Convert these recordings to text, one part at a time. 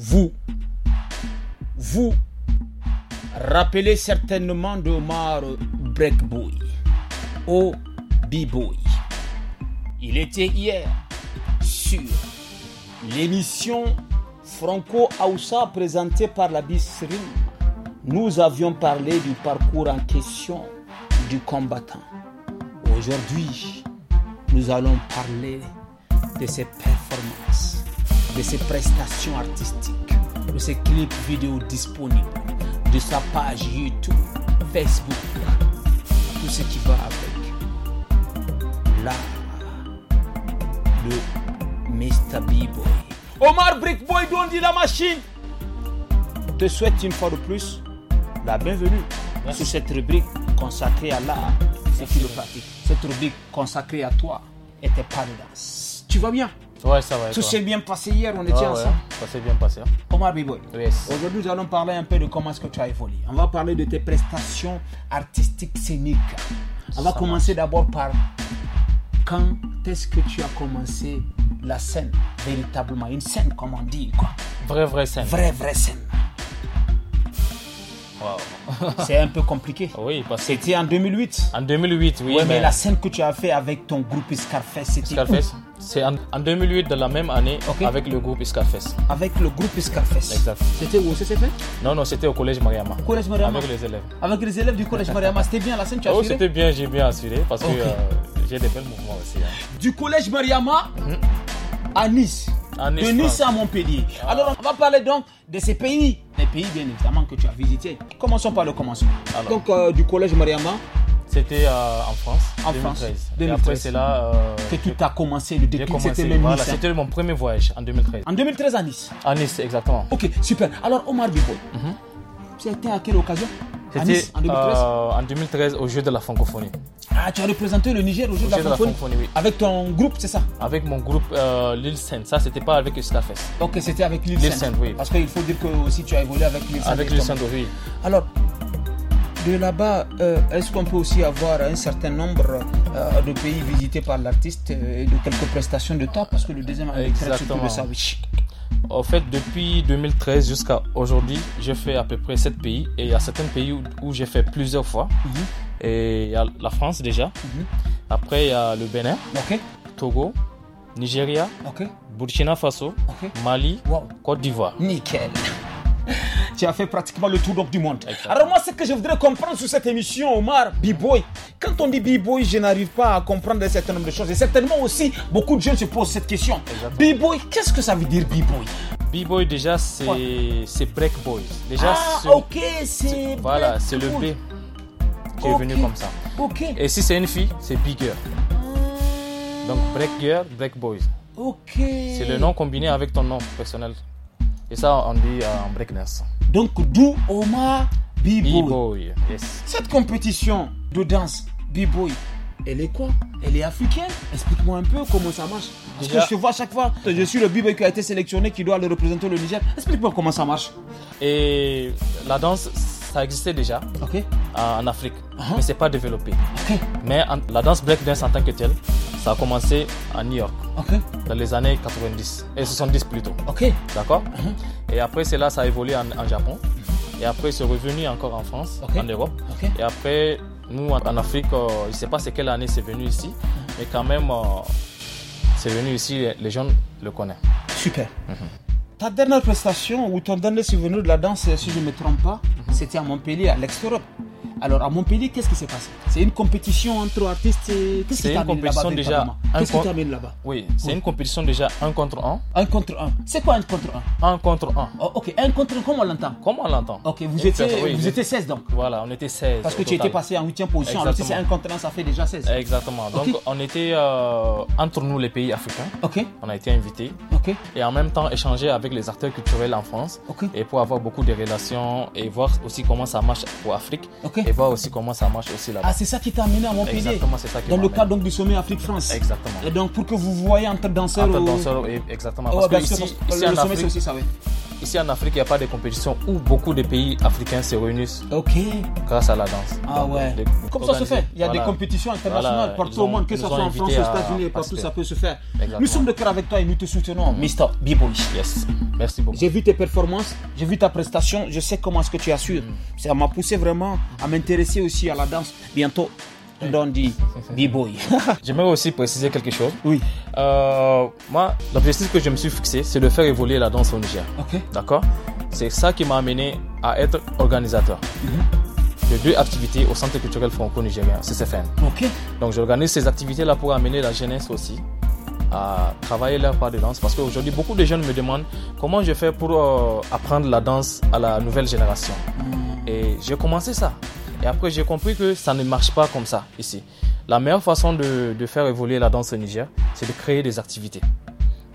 Vous, vous rappelez certainement de Omar Breakboy, au B-Boy. Il était hier sur l'émission Franco Aoussa présentée par la Bisserie. Nous avions parlé du parcours en question du combattant. Aujourd'hui, nous allons parler de ses performances de ses prestations artistiques, de ses clips vidéo disponibles, de sa page YouTube, Facebook, tout ce qui va avec. Là, le Mr. B-Boy. Omar Brickboy Dondi la machine te souhaite une fois de plus la bienvenue sur cette rubrique consacrée à l'art, et Cette rubrique consacrée à toi et tes parents. Tu vas bien ça Tout s'est bien passé hier, on était ah ensemble. ça s'est bien passé. Hein. Omar Biboy. Aujourd'hui, nous allons parler un peu de comment est-ce que tu as évolué. On va parler de tes prestations artistiques scéniques. On va commencer d'abord par quand est-ce que tu as commencé la scène véritablement Une scène, comme on dit, quoi. Vraie, vraie scène. Vraie, vraie scène c'est un peu compliqué. Oui, parce que c'était en 2008. En 2008, oui. Ouais, mais, la scène que tu as fait avec ton groupe Scarface, c'était Scarface. C'est en, 2008, Dans la même année, avec le groupe Scarface. Avec le groupe Scarface. Exact. C'était où c'était fait Non, non, c'était au collège Mariama. collège Mariama. Avec les élèves. Avec les élèves du collège Mariama. C'était bien la scène que tu as fait. Oh, oui c'était bien, j'ai bien assuré parce que euh, j'ai des belles mouvements aussi. Hein. Du collège Mariama mhm. à Nice de Nice à Montpellier. Ah. Alors, on va parler donc de ces pays, les pays bien évidemment que tu as visités. Commençons par le commencement. Donc, euh, du collège Mariama. C'était euh, en France. En 2013. France. 2013. après, c'est là euh, que tout a commencé, le C'était le mon premier voyage en 2013. En 2013 à Nice. À Nice, exactement. Ok, super. Alors, Omar Bibo, mhm. c'était à quelle occasion C'était en 2013 En 2013, au jeu de la francophonie. Ah, tu as représenté le Niger au jeu de la francophonie Avec ton groupe, c'est ça Avec mon groupe euh, Lille Ça, c'était pas avec Starfest. Donc, c'était avec Lille, Lille oui. Parce qu'il faut dire que aussi tu as évolué avec Lil Sen. Avec oui. Alors, de là-bas, euh, est-ce qu'on peut aussi avoir un certain nombre euh, de pays visités par l'artiste euh, et de quelques prestations de temps Parce que le deuxième Exactement. c'est ça, En fait, depuis 2013 jusqu'à aujourd'hui, j'ai fait à peu près 7 pays et il y a certains pays où, j'ai fait plusieurs fois. Mhm. Et il y a la France déjà. Mhm. Après, il y a le Bénin, Togo, Nigeria, Burkina Faso, Mali, Côte d'Ivoire. Nickel tu as fait pratiquement le tour donc du monde. Alors moi, ce que je voudrais comprendre sur cette émission, Omar, B-Boy, quand on dit B-Boy, je n'arrive pas à comprendre un certain nombre de choses. Et certainement aussi, beaucoup de jeunes se posent cette question. B-Boy, qu'est-ce que ça veut dire B-Boy B-Boy, déjà, c'est C'est break boys. Déjà, ah, ok, c'est... Voilà, c'est le B qui est venu comme ça. Ok Et si c'est une fille, c'est Bigger. Donc Break Girl, Break Boys. Ok C'est le nom combiné avec ton nom personnel. Et ça, on dit euh, en breakness Donc d'où Omar B-Boy. Yes. Cette compétition de danse B-Boy, elle est quoi Elle est africaine Explique-moi un peu comment ça marche. Parce que je vois à chaque fois, je suis le b-boy qui a été sélectionné, qui doit le représenter le Niger. Explique-moi comment ça marche. Et la danse, ça existait déjà. Ok en Afrique, uh mais c'est pas développé. Mais la danse breakdance en tant que telle, ça a commencé à New York dans les années 90 et 70 plutôt. Ok. D'accord. Uh-huh. Et après cela, ça a évolué en, en Japon. Et après, c'est revenu encore en France, en Europe. Et après, nous en, Afrique, euh, je ne sais pas c'est quelle année c'est venu ici, uh-huh. mais quand même, euh, c'est venu ici. Les gens le connaissent. Super. Ta dernière prestation ou ton dernier souvenir de la danse, si je ne me trompe pas, c'était à Montpellier, à l'ex-Europe. Alors à Montpellier, qu'est-ce qui s'est passé C'est une compétition entre artistes et... Qu'est-ce qui t'amène là Qu'est-ce qui là-bas Oui, c'est une compétition déjà 1 contre 1. 1 contre 1. C'est quoi un contre 1 1 contre 1. Oh, ok, 1 contre 1, comment on l'entend Comment on l'entend Ok, vous, étiez, vous étiez 16 donc Voilà, on était 16. Parce que tu étais passé en 8 position, Exactement. alors si c'est 1 contre 1, ça fait déjà 16. Exactement. Donc on était euh, entre nous les pays africains. Ok. On a été invités. Ok. Et en même temps échanger avec les acteurs culturels en France. Ok. Et pour avoir beaucoup de relations et voir aussi comment ça marche pour Afrique et voir aussi comment ça marche aussi là-bas. Ah, c'est ça qui t'a amené à Montpellier Exactement, c'est ça qui Dans le cadre donc du sommet Afrique-France Exactement. Et donc pour que vous voyez entre danseurs. Entre euh, danseurs, ou... exactement. Ah parce, que ici, le sommet, c'est aussi ça, oui. Ici en Afrique, il n'y a pas de compétition où beaucoup de pays africains se réunissent Ok. grâce à la danse. Ah ouais. Comme ça se fait. Il y a des compétitions internationales partout au monde, que ce soit en France, aux États-Unis, partout, ça peut se faire. Nous sommes de cœur avec toi et nous te soutenons, Mister, Mr. Yes. Merci beaucoup. J'ai vu tes performances, j'ai vu ta prestation, je sais comment est-ce que tu assures. Mm. Ça m'a poussé vraiment à m'intéresser aussi à la danse. Bientôt, dont dit B-Boy. J'aimerais aussi préciser quelque chose. Oui. Euh, moi, l'objectif que je me suis fixé, c'est de faire évoluer la danse au Niger. D'accord C'est ça qui m'a amené à être organisateur. de mhm. deux activités au Centre culturel franco-nigérien, CCFN. Ok. Donc j'organise ces activités-là pour amener la jeunesse aussi à travailler leur part de danse parce qu'aujourd'hui beaucoup de jeunes me demandent comment je fais pour euh, apprendre la danse à la nouvelle génération. Mhm. Et j'ai commencé ça. Et après, j'ai compris que ça ne marche pas comme ça ici. La meilleure façon de, de faire évoluer la danse au Niger, c'est de créer des activités.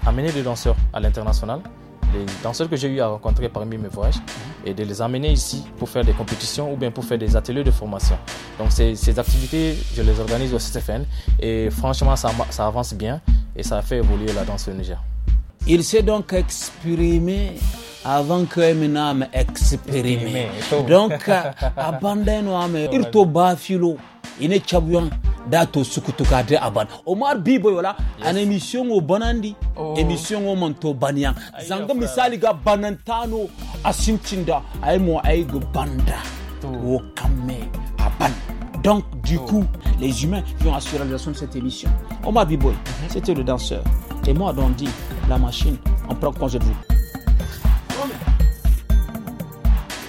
Amener des danseurs à l'international, les danseurs que j'ai eu à rencontrer parmi mes voyages, mhm. et de les amener ici pour faire des compétitions ou bien pour faire des ateliers de formation. Donc ces, ces activités, je les organise au CTFN et franchement, ça, ça avance bien et ça fait évoluer la danse au Niger. Il s'est donc exprimé avant que mina expérimente. donc euh, hein, abandonne banda no ame irto ba filo ine chabuyan dato sukutuka de aban omar bibo yola. yes. an émission o banandi oh. émission o manto baniyan zanga misali ga banantano asintinda ay mo ay go banda wo kamé aban donc du oh. coup les humains qui ont assuré la réalisation de cette émission omar bibo mm -hmm. c'était le danseur et moi on dit la machine on prend congé de vous